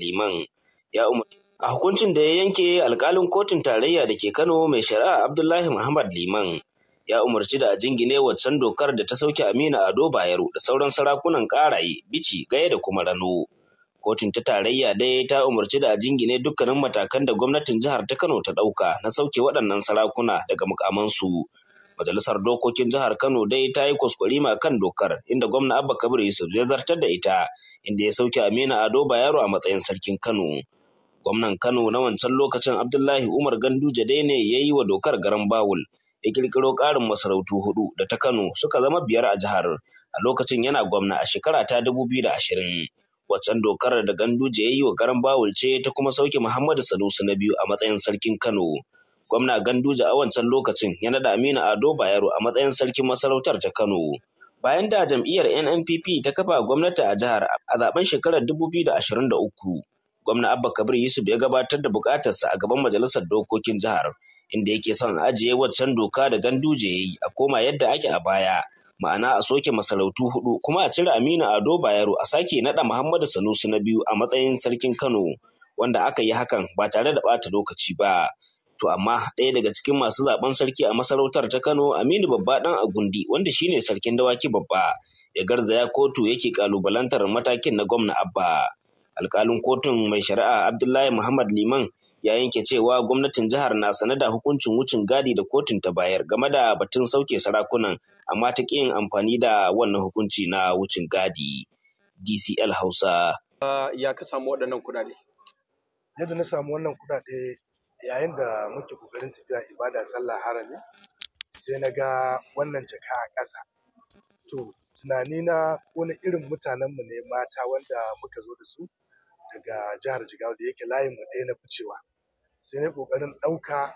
liman ya umarci a hukuncin da ya yanke alkalin kotun tarayya da ke kano mai shari'a abdullahi muhammad liman ya umarci da a jingine waccan dokar da ta sauke amina ado bayero da sauran sarakunan karaye bici gaya da kuma rano kotun ta tarayya dai ta umarci da a jingine dukkanin matakan da gwamnatin jihar ta kano ta ɗauka na sauke waɗannan sarakuna daga mukamansu Majalisar Dokokin Jihar Kano dai ta yi ma kan dokar inda gwamna Abba Kabir Yusuf ya zartar da ita inda ya sauke Amina Ado Bayero a matsayin sarkin Kano. Gwamnan Kano na wancan lokacin Abdullahi Umar Ganduje dai ne ya yi wa dokar garan bawul. ya kirkiro karin masarautu hudu da ta Kano suka zama biyar a jihar a lokacin yana gwamna a shekara ta dubu biyu da ashirin. Waccan dokar da Ganduje ya yi wa garan bawul ce ta kuma sauke Muhammadu Sanusi na biyu a matsayin sarkin Kano. Gwamna Ganduje a wancan lokacin ya nada Aminu Ado Bayero a matsayin sarkin masarautar ta Kano. Bayan da jam'iyyar NNPP ta kafa gwamnati a jihar a zaben shekarar dubu biyu da da ashirin uku, gwamna Abba Kabir Yusuf ya gabatar da bukatarsa a gaban majalisar dokokin jihar, inda yake son ajiye waccan doka da Ganduje ya yi a koma yadda ake a baya. ma'ana a soke masarautu hudu kuma a cire Aminu Ado Bayero a sake nada Muhammadu Sanusi na biyu a matsayin sarkin Kano wanda aka yi hakan ba tare da bata lokaci ba To amma ɗaya daga cikin masu zaben sarki a masarautar ta Kano Aminu Babba ɗan Agundi wanda shine sarkin dawaki babba ya garzaya kotu yake kalubalantar matakin na gwamna Abba. Alkalin kotun mai shari'a Abdullahi Muhammad Liman ya yanke cewa gwamnatin jihar na sane da hukuncin wucin gadi da kotun ta bayar game da batun sauke sarakunan amma ta ƙi amfani da wannan hukunci na wucin gadi DCL Hausa. Ya ka samu waɗannan kuɗaɗe? Yadda na samu wannan kuɗaɗe yayin da muke ƙoƙarin tafiya ibada sallah harami sai na ga wannan jaka a ƙasa to tunani na ko na irin mutanenmu ne mata wanda muka zo da su daga jihar jigawa da yake layin mu ɗaya na ficewa sai na ƙoƙarin ɗauka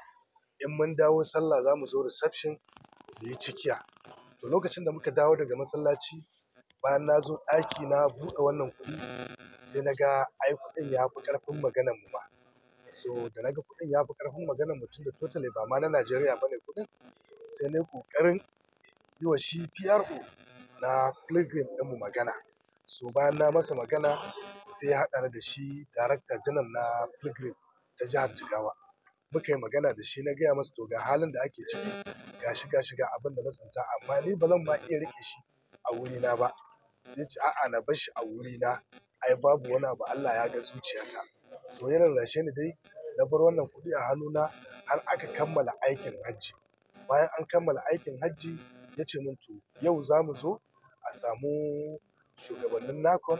in mun dawo sallah za mu zo reception mu yi cikiya to lokacin da muka dawo daga masallaci bayan na zo ɗaki na buɗe wannan kuɗi sai na ga ai kuɗin ya fi ƙarfin maganar mu ma so da naga kuɗin ya fi ƙarfin magana mutum da totally ba ma na Najeriya bane kuɗin sai nayi kokarin yi wa shi PRO na Pilgrim ɗin mu magana so bayan na masa magana sai ya haɗa ni da shi Director General na Pilgrim ta jihar Jigawa muka yi magana da shi na gaya masa to ga halin da ake ciki ga shi ga abin da na amma ni ba zan ma iya rike shi a wuri na ba sai ce a'a na bar shi a wuri na ai babu wani abu Allah ya ga zuciyata soyayyar ya ni dai na bar wannan kuɗi a hannuna har aka kammala aikin hajji bayan an kammala aikin hajji ya ce min to yau za mu zo a samu shugabannin nakon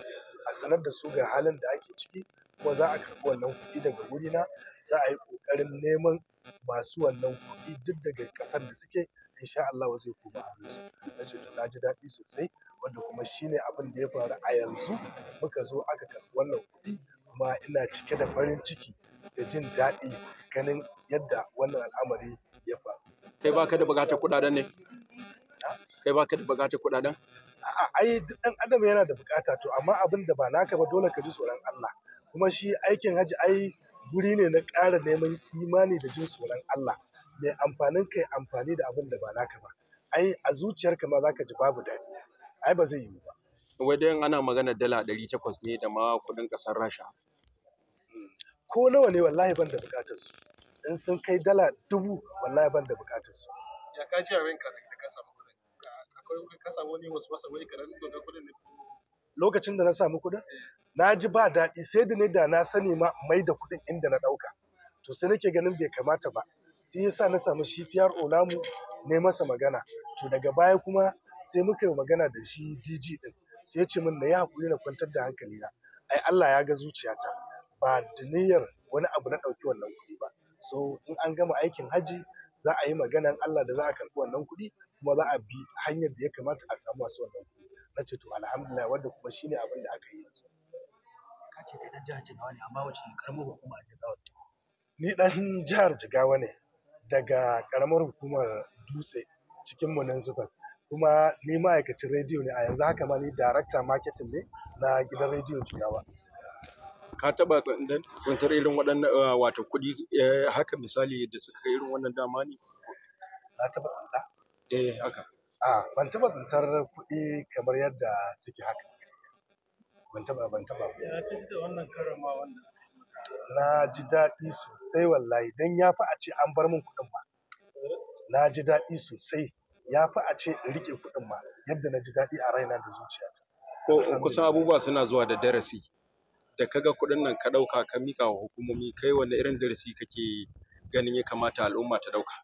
a sanar da su ga halin da ake ciki kuma za a karɓi wannan kuɗi daga wurina za a yi ƙoƙarin neman masu wannan kuɗi duk daga ƙasar da suke sha Allah zai koma su na ce to na ji daɗi sosai wanda kuma shine abin da ya faru a yanzu muka zo aka karɓi wannan kuɗi kuma ina cike da farin ciki da jin daɗi ganin yadda wannan al'amari ya faru. Kai baka da bukatar kuɗaɗen ne? Kai ka da bukatar kuɗaɗen? A'a, ai duk ɗan adam yana da bukata to amma abin da ba naka ba dole ka ji tsoron Allah. Kuma shi aikin hajji ai guri ne na ƙara neman imani da jin tsoron Allah. Mai amfanin kai amfani da abin da ba naka ba. Ai a zuciyarka ma za ka ji babu daɗi. Ai ba zai yiwu ba. wajen ana magana dala ɗari takwas ne da ma kuɗin ƙasar rasha hmm. ko nawa ne wallahi ban da buƙatar su in sun kai dala dubu wallahi ban da buƙatar su ya ka ji abin ka da ka samu kuɗin akwai ka samu wani wasu wasa wani karan da kuɗin ne lokacin da na samu kuɗin hmm. na ji ba daɗi sai da ne da na sani ma mai da kuɗin inda na ɗauka to sai nake ganin bai kamata ba sai ya sa na samu shi PRO namu ne masa magana to daga baya kuma sai muka yi magana da shi DG din sai ya ce min na yi hakuri na kwantar da hankali na ai Allah ya ga zuciyata ba da niyyar wani abu na ɗauki wannan kuɗi ba so in an gama aikin hajji za a yi maganan Allah da za a karɓi wannan kuɗi kuma za a bi hanyar da ya kamata a samu masu wannan kuɗi na ce to alhamdulillah wanda kuma ne abin da aka yi yanzu ka ce kai dan jihar Jigawa ne amma wace karamar hukuma a Jigawa ni dan jihar Jigawa ne daga karamar hukumar Dutse cikin municipal kuma ni ma'aikacin rediyo ne a yanzu haka ma ni director marketing ne na gidan rediyo jigawa ka taɓa tsantar irin waɗannan eh, wato kuɗi eh, haka misali da suka kai irin wannan dama ne na taɓa tsanta eh haka a ban taɓa tsantar kuɗi kamar yadda suke haka ban taɓa ban taɓa ya wannan karama wannan na ji daɗi sosai wallahi don ya fi a ce an bar min kuɗin ba na ji daɗi sosai ya fi a ce in rike kuɗin ma yadda na ji daɗi a raina da zuciyata. Ko kusan abubuwa suna zuwa da darasi da kaga kuɗin nan ka ɗauka ka miƙa wa hukumomi kai wanne irin darasi kake ganin ya kamata al'umma ta ɗauka?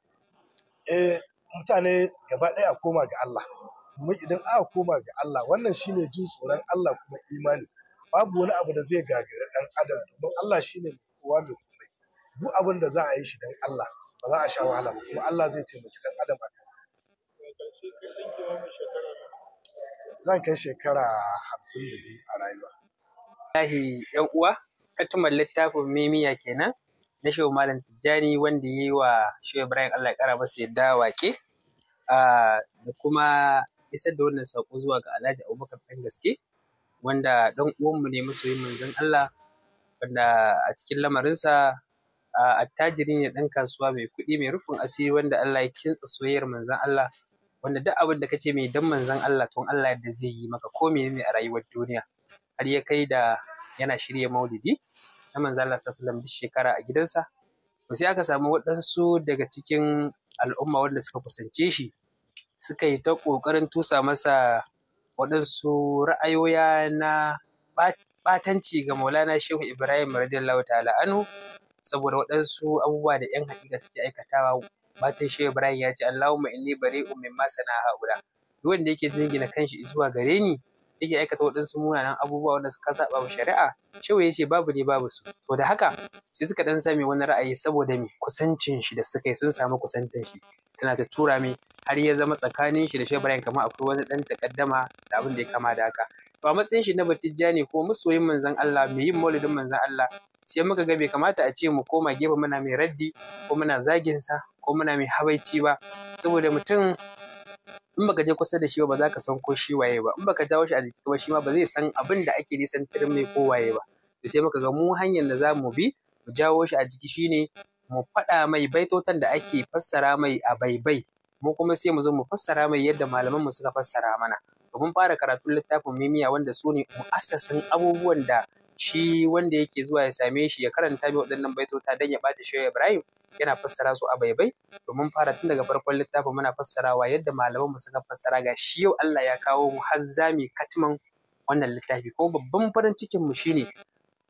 Eh mutane gaba ɗaya a koma ga Allah kuma idan aka koma ga Allah wannan shine jin tsoron Allah kuma imani babu wani abu da zai gagari dan adam domin Allah shine kowa mai komai duk abin da za a yi shi dan Allah ba za a sha wahala ba kuma Allah zai taimaki dan adam a kansa Zan kai shekara hamsin da biyu a rayuwa. Lahi ‘yan uwa, katumar littafin mimiya kenan na shehu Malam Tijjani wanda ya yi wa shehu Ibrahim Allah ƙara masa yadda wake da kuma isar da wannan saƙo zuwa ga Alhaji Abubakar ɗan gaske wanda ɗan uwanmu ne masoyin manzon Allah wanda a cikin lamarinsa attajiri ne ɗan kasuwa mai kuɗi mai rufin asiri wanda Allah ya kintsa soyayyar manzon Allah wanda duk abin da ka ce mai dan manzon Allah tun Allah yadda zai yi maka ko menene a rayuwar duniya har ya kai da yana shirya maulidi na manzon Allah sallallahu alaihi wasallam shekara a gidansa to sai aka samu waɗansu daga cikin al'umma wanda suka kusance shi suka yi ta ƙoƙarin tusa masa waɗansu ra'ayoya na ɓatanci ga maulana shehu ibrahim radiyallahu ta'ala anu saboda waɗansu abubuwa da 'yan hakika suke aikatawa bacin shi Ibrahim ya ce Allahumma inni bari'un mimma sana haula duk wanda yake jingina kanshi zuwa gare ni yake aikata waɗansu munanan abubuwa wanda suka saba wa shari'a shehu ya ce babu ne babu su to da haka sai suka dan sami wani ra'ayi saboda me kusancin shi da suka yi sun samu kusantar shi suna ta tura mai har ya zama tsakanin shi da shehu Ibrahim kamar akwai wani dan takaddama da abin da ya kama da haka a matsayin shi na batijjani ko masoyin manzon Allah mai yin maulidin manzon Allah sai muka ga bai kamata a ce mu koma gefe muna mai raddi ko muna zagin sa ko muna mai habaici ba saboda mutum in baka je kusa da shi ba za ka san ko shi waye ba in baka jawo shi a jiki ba shi ma ba zai san abin da ake nisantar mai ko waye ba to sai muka ga mu hanyar da za mu bi mu jawo shi a jiki shine mu faɗa mai baitotan da ake fassara mai a baibai mu kuma sai mu zo mu fassara mai yadda malaman mu suka fassara mana mun fara karatun littafin mimiya wanda su ne mu'assasin abubuwan da shi wanda yake zuwa ya same shi ya karanta mai waɗannan baitota don ya ɓata shi Ibrahim yana fassara su a baibai domin fara tun daga farkon littafin muna fassarawa yadda malaman mu suka fassara ga shi yau Allah ya kawo mu har katman wannan littafi ko babban farin cikin mu shine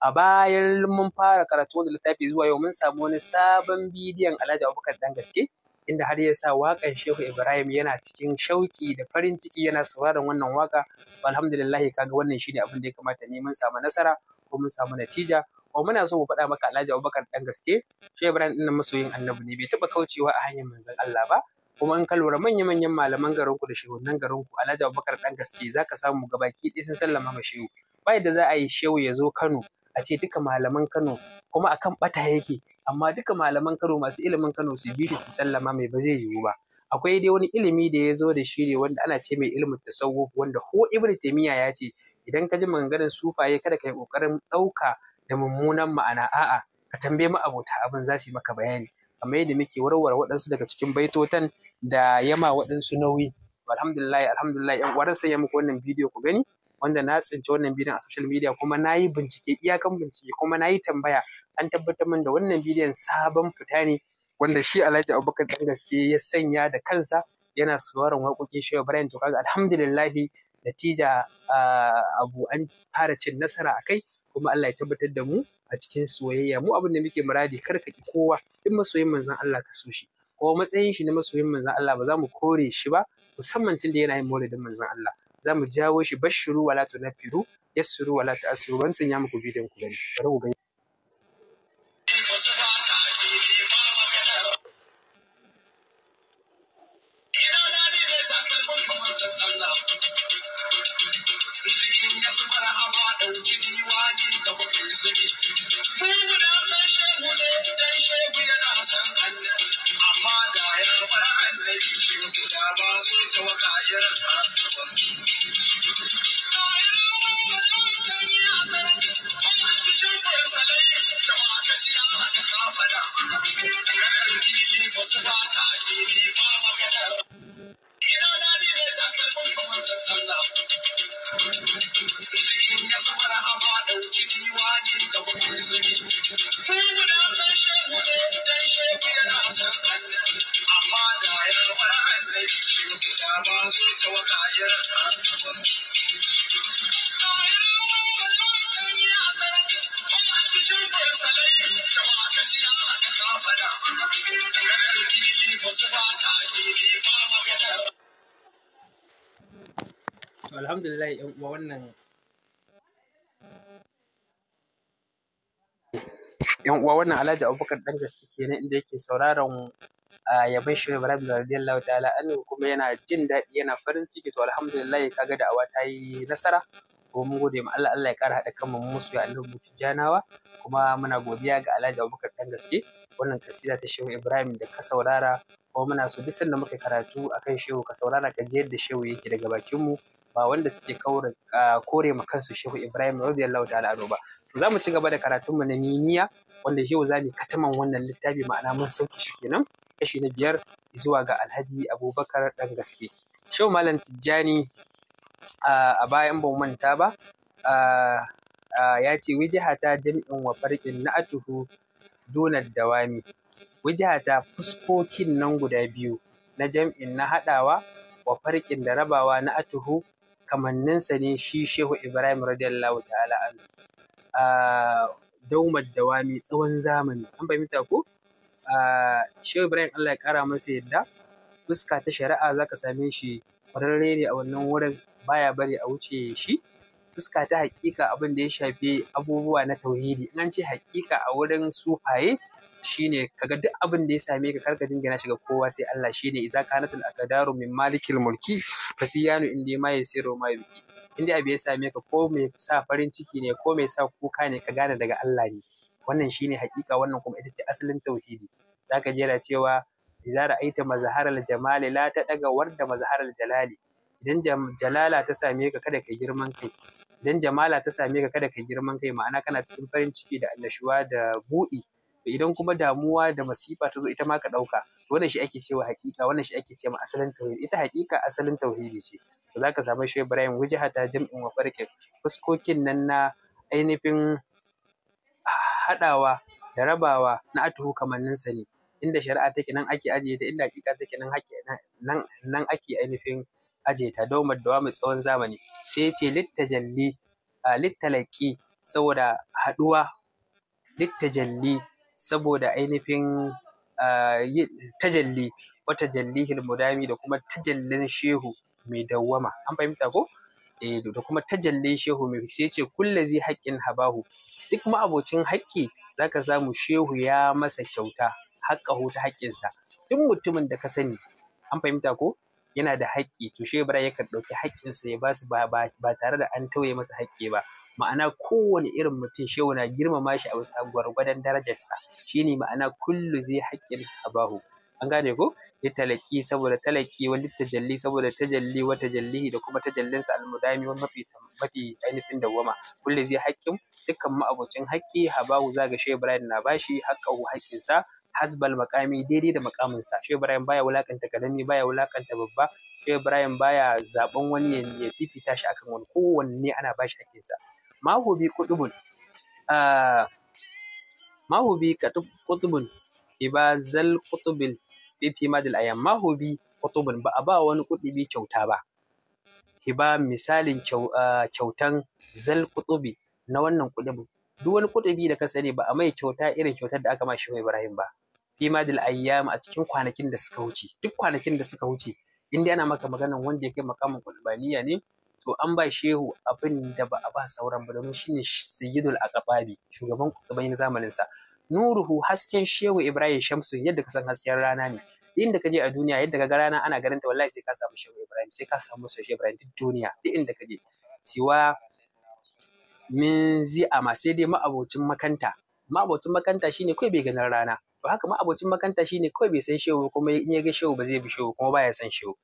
a bayan mun fara karatu wannan littafi zuwa yau mun samu wani sabon bidiyon Alhaji Abubakar dan gaske inda har ya sa waƙar Shehu Ibrahim yana cikin shauƙi da farin ciki yana sauraron wannan waƙa alhamdulillah kaga wannan shine abin da ya kamata ne mun samu nasara ko mun samu natija ko muna so mu faɗa maka Alhaji Abubakar dan gaske shi Ibrahim din masoyin Annabi ne bai taba kaucewa a hanyar manzon Allah ba kuma in ka lura manya-manyan malaman garinku da shehunan ku Alhaji Abubakar dan gaske zaka samu gabaki ɗaya sun sallama ma shehu ba yadda za a yi shehu ya zo Kano a ce duka malaman Kano kuma akan bata yake amma duka malaman Kano masu ilimin Kano su bi su sallama mai ba zai yiwu ba akwai dai wani ilimi da ya zo da shi ne wanda ana ce mai ilimin tasawuf wanda ho Ibn Taymiyyah ya ce idan ka ji maganganun sufaye kada ka yi ƙoƙarin ɗauka da mummunan ma'ana a'a ka tambaye mu abota abin za su yi maka bayani kamar yadda muke warware waɗansu daga cikin baitotan da yama waɗansu nauyi alhamdulillah alhamdulillah yan sai ya muku wannan bidiyo ku gani wanda na tsinci wannan bidiyon a social media kuma na yi bincike iyakan bincike kuma na yi tambaya an tabbatar min da wannan bidiyon sabon fita ne wanda shi Alhaji Abubakar dan gaske ya sanya da kansa yana sauraron waƙoƙin Shehu Ibrahim to kaga alhamdulillah natija abu an fara cin nasara a kai kuma Allah ya tabbatar da mu a cikin soyayya mu abin da muke muradi kar ka ki kowa duk masoyin manzon Allah ka so shi ko matsayin shi na masoyin manzon Allah ba za mu kore shi ba musamman tun da yana yin maulidin manzon Allah za mu jawo shi bashiru wala tunafiru yassiru wala ta'siru ban sanya muku bidiyon ku gani bari ku gani Tugu na san shehu ne dan shehu yana san annabi amma da ya bar annabi shehu guda ba zai tawaka irin haka ba. Cikin barsalai jama'a ta alhamdulillah yan uwa wannan yan uwa wannan Alhaji Abubakar dan gaske kenan inda yake sauraron yaban shi Ibrahim radiyallahu ta'ala anhu kuma yana jin daɗi yana farin ciki to alhamdulillah kaga da'awa ta yi nasara kuma mun gode ma Allah Allah ya kara haɗa kanmu musu ya annabi janawa kuma muna godiya ga Alhaji Abubakar dan gaske wannan kasida ta Shehu Ibrahim da ka saurara kuma muna so duk sanda muka karatu akan Shehu ka saurara ka je yadda Shehu yake daga bakin mu ba wanda suke kore ma kansu Shehu Ibrahim radiyallahu ta'ala anhu ba za mu ci gaba da karatunmu na miniya wanda yau za mu kataman wannan littafi ma'ana mun sauki shi kenan kashi na biyar zuwa ga alhaji abubakar ɗan gaske Shau malam tijjani a bayan ban manta ba ya ce wijihata jami'in wa farkin na atuhu donar dawami wijihata fuskokin nan guda biyu na jam'in na haɗawa wa farkin da rabawa na atuhu kamanninsa ne shi shehu ibrahim radiyallahu ta'ala an daumar dawami tsawon zamani an mita ko shehu ibrahim allah ya kara masa yadda fuska ta shari'a za ka same shi kwararre ne a wannan wurin baya bari a wuce shi fuska ta hakika abin da ya shafi abubuwa na tauhidi in an ce hakika a wurin sufaye shine kaga duk abin da ya same ka karka jingina shiga kowa sai Allah shine iza kanatul aqdaru min malikil mulki fasiyanu indi ma yasiru ma biki inda abu ya same ka ko mai sa farin ciki ne ko mai sa kuka ne ka gane daga Allah ne wannan shine hakika wannan kuma ita ce asalin tauhidi zaka jera cewa idza ra'aita mazharal jamali la ta daga warda mazharal jalali idan jalala ta same ka kada ka girman kai idan jamala ta same ka kada ka girman kai ma'ana kana cikin farin ciki da annashuwa da buɗi idan kuma damuwa da masifa ta zo ita ma ka ɗauka wannan shi ake cewa haƙiƙa wannan shi ake cewa asalin tauhidi ita hakika asalin tauhidi ce to zaka samu shi Ibrahim ta jam'in wa farkin fuskokin nan na ainihin haɗawa da rabawa na atuhu kamanninsa ne inda shari'a take nan ake ajiye ta inda hakika take nan ake nan nan ake ainihin ajiye ta mai tsawon zamani sai ce littajalli a littalaki saboda haɗuwa littajalli saboda ainihin tajalli wata jalli hilmudami da kuma tajallin shehu mai dawwama an fahimta ko da kuma tajallin shehu mai sai ce kullazi haƙƙin habahu duk ma abocin haƙƙi zaka samu shehu ya masa kyauta haƙƙahu ta haƙƙinsa duk mutumin da ka sani an fahimta ko yana da haƙƙi to shehu bara yakan ɗauki haƙƙinsa ya basu ba tare da an tauye masa haƙƙi ba ma'ana kowane irin mutum shehu na girmama shi a wasu gwargwadon darajarsa shine ma'ana kullu zai haƙƙin habahu an gane ko litalaki saboda talaki wani tajalli saboda tajalli wata jallihi da kuma tajallinsa almudami wani mafi mafi ainihin dawwama kullu zai haƙƙin dukkan ma'abocin haƙƙi habawu zaga shehu ibrahim na bashi haƙƙahu haƙƙinsa hasbal maqami daidai da sa shehu ibrahim baya wulakanta karami baya wulakanta babba shehu ibrahim baya zaben wani ya fifita shi akan wani kowanne ana bashi haƙƙinsa mahu bi kudubun ah, mahu bi kutubun ibazal kutubil bi fi ma hobi ba a ba wani kutubi kyauta ba ki ba misalin kyautan zal kutubi na wannan kudubin duk wani kutubi da ka sani ba a mai kyauta irin kyautar da aka ma Shehu Ibrahim ba fi ma ayyam a cikin kwanakin da suka wuce duk kwanakin da suka wuce in dai ana maka maganan wanda ya kai makamin kutubaniya ne to an ba shehu abin da ba a ba sauran ba domin shine sayyidul aqababi shugaban kutubai na zamanin sa nuruhu hasken shehu ibrahim shamsu yadda ka san hasken rana ne inda ka je a duniya yadda ka ga rana ana ganin ta wallahi sai ka samu shehu ibrahim sai ka samu shehu ibrahim duk duniya duk inda ka je siwa min zi sai dai ma'abocin makanta ma'abocin makanta shine kawai bai ganin rana to haka ma'abocin makanta shine kawai bai san shehu kuma in ya ga shehu ba zai bi shehu kuma baya san shehu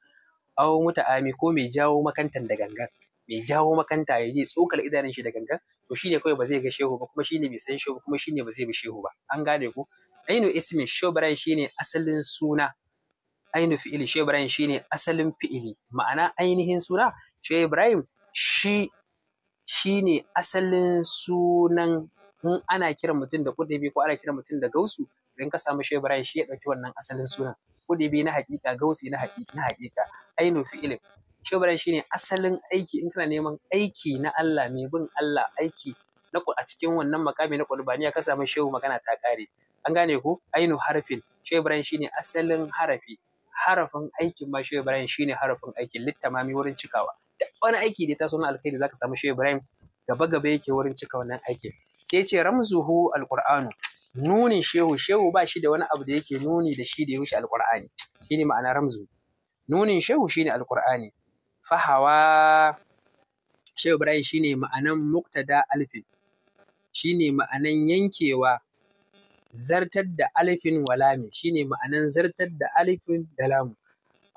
awo ami ko mai jawo makantan da gangan mai jawo makanta ya je tsokar idanun shi da gangan to shine kawai ba zai ga shehu ba kuma shine bai san shehu ba kuma shine ba zai bi shehu ba an gane ku ainu ismin shobran shine asalin suna ainu fi'ili shobran shine asalin fi'ili ma'ana ainihin suna shi ibrahim shi shine asalin sunan in ana kiran mutum da kudabi ko ana kiran mutum da gausu in ka samu shi ibrahim shi ya dauki wannan asalin sunan kudabi na hakika gausi na hakika na hakika ainu fi'ilin shi shine asalin aiki in kana neman aiki na Allah mai bin Allah aiki na a cikin wannan makami na qurbaniya ka samu shehu magana ta kare an gane ko ainu harfin shi shine asalin harafi harafin aikin ma shehu Ibrahim shine harafin aikin littamami wurin cikawa Da wani aiki da ta so na alkhairi zaka samu shehu Ibrahim gaba gaba yake wurin cika wannan aikin sai ce ramzuhu alqur'anu nunin shehu shehu ba shi da wani abu da yake nuni da shi da ya wuce alqur'ani shine ma'ana ramzu nunin shehu shine alqur'ani fahawa shi ibrahim shine ma'anan muktada alfin shine ma'anan yankewa zartar da alfin walami shine ma'anan zartar da alfin da lamu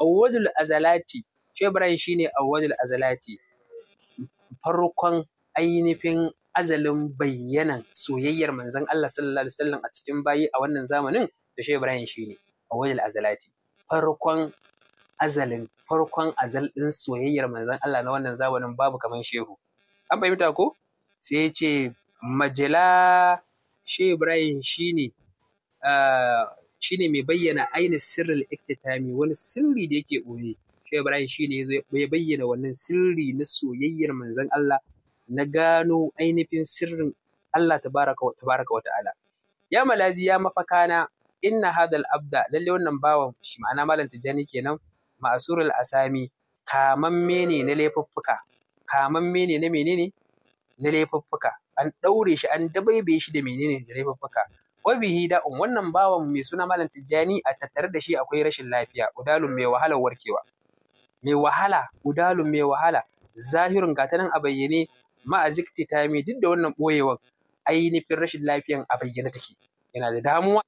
awwadul azalati shi ibrahim shine awwadul azalati farkon ainihin azalin bayyanan soyayyar manzon Allah sallallahu alaihi wasallam a cikin bayi a wannan zamanin to shi Ibrahim shine awwadul azalati farkon azalin farkon azal ɗin soyayyar manzon Allah na wannan zamanin babu kamar shehu an fahimta ko sai ya ce majala shi Ibrahim shine shine mai bayyana aini sirrin iktitami wani sirri da yake ɓoye shi Ibrahim shine ya bayyana wannan sirri na soyayyar manzon Allah na gano ainihin sirrin Allah tabaraka wa ta'ala ya malazi ya mafakana inna hadal abda lalle wannan bawan shi ma'ana malam tijani kenan ma'asurul asami kamamme ne na laifuffuka kamamme ne na menene na laifuffuka an ɗaure shi an dabaibe shi da menene da laifuffuka da da'un wannan bawan mai suna malam tijjani a tattare da shi akwai rashin lafiya udalun mai wahala warkewa mai wahala udalun mai wahala zahirin gata nan a bayyane ma'azikti duk da wannan ɓoyewan ainihin rashin lafiyan a bayyane take yana da damuwa